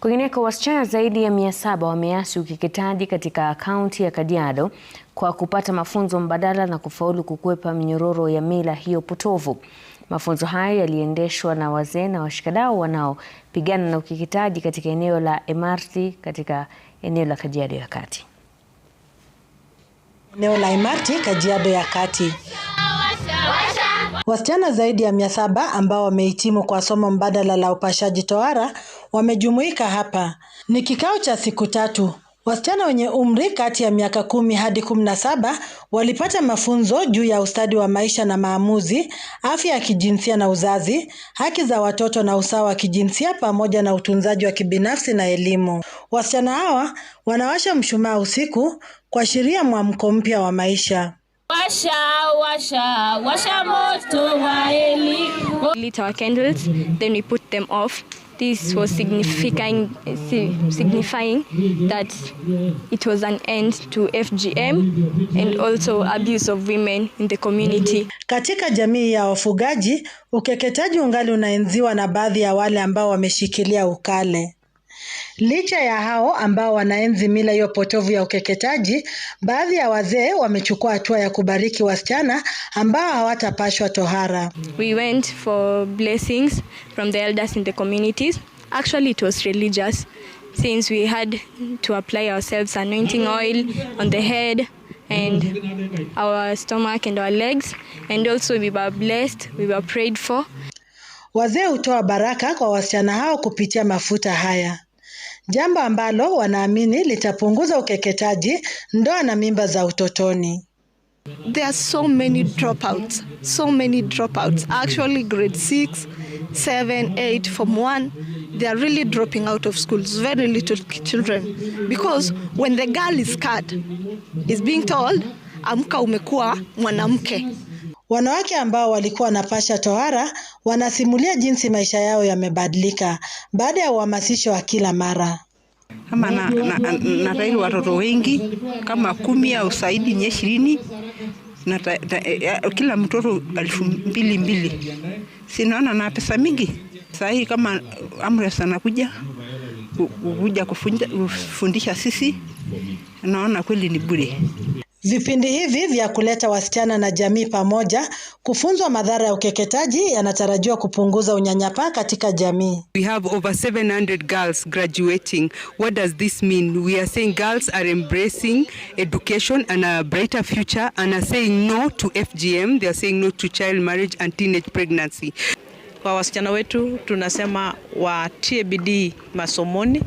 Kwingineko, wasichana zaidi ya mia saba wameasi ukeketaji katika kaunti ya Kajiado kwa kupata mafunzo mbadala na kufaulu kukwepa minyororo ya mila hiyo potovu. Mafunzo hayo yaliendeshwa na wazee na washikadau wanaopigana na ukeketaji katika eneo la Emarti katika eneo la Kajiado ya Kati. Eneo la Emarti, Kajiado ya Kati. Wasichana zaidi ya mia saba ambao wamehitimu kwa somo mbadala la upashaji tohara wamejumuika hapa. Ni kikao cha siku tatu. Wasichana wenye umri kati ya miaka kumi hadi kumi na saba walipata mafunzo juu ya ustadi wa maisha na maamuzi, afya ya kijinsia na uzazi, haki za watoto na usawa wa kijinsia, pamoja na utunzaji wa kibinafsi na elimu. Wasichana hawa wanawasha mshumaa usiku kuashiria mwamko mpya wa maisha. Washa, washa, washa moto wa elimu. Lit our candles, then we put them off. This was signifying, signifying that it was an end to FGM and also abuse of women in the community. Katika jamii ya wafugaji, ukeketaji ungali unaenziwa na baadhi ya wale ambao wameshikilia ukale. Licha ya hao ambao wanaenzi mila hiyo potovu ya ukeketaji, baadhi ya wazee wamechukua hatua ya kubariki wasichana ambao hawatapashwa tohara. We went for blessings from the elders in the communities. Actually it was religious since we had to apply ourselves anointing oil on the head and our stomach and our legs and also we were blessed, we were prayed for. Wazee hutoa baraka kwa wasichana hao kupitia mafuta haya jambo ambalo wanaamini litapunguza ukeketaji, ndoa na mimba za utotoni. There are so many dropouts, so many dropouts. Actually, grade 6, 7, 8, form 1, they are really dropping out of schools, very little children. Because when the girl is cut, is being told, amka umekuwa mwanamke. Wanawake ambao walikuwa wanapasha tohara wanasimulia jinsi maisha yao yamebadilika baada ya uhamasisho wa kila mara. Kama na, na, na, na tairi watoto wengi kama kumi au zaidi nye ishirini na ta, ta, e, ya, kila mtoto elfu mbili mbili, sinaona na pesa mingi sahii. Kama Amref anakuja kuja kufundisha sisi, naona kweli ni bure. Vipindi hivi vya kuleta wasichana na jamii pamoja kufunzwa madhara ya ukeketaji yanatarajiwa kupunguza unyanyapaa katika jamii. We have over 700 girls graduating. What does this mean? We are saying girls are embracing education and a brighter future and are saying no to FGM. They are saying no to child marriage and teenage pregnancy. Kwa wasichana wetu tunasema watie bidii masomoni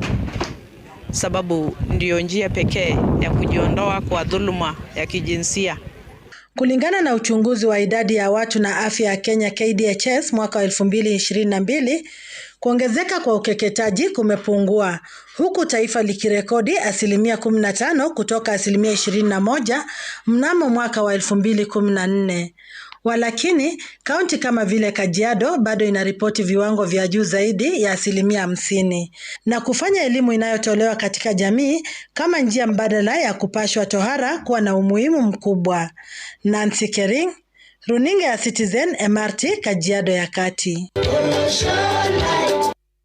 sababu ndiyo njia pekee ya kujiondoa kwa dhuluma ya kijinsia. Kulingana na uchunguzi wa idadi ya watu na afya ya Kenya KDHS mwaka wa 2022, kuongezeka kwa ukeketaji kumepungua huku taifa likirekodi asilimia 15 kutoka asilimia 21 mnamo mwaka wa 2014. Walakini, kaunti kama vile Kajiado bado inaripoti viwango vya juu zaidi ya asilimia hamsini na kufanya elimu inayotolewa katika jamii kama njia mbadala ya kupashwa tohara kuwa na umuhimu mkubwa. Nancy Kering, Runinga ya Citizen, MRT, Kajiado ya Kati.